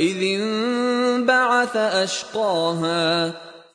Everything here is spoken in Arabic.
إذ انبعث أشقاها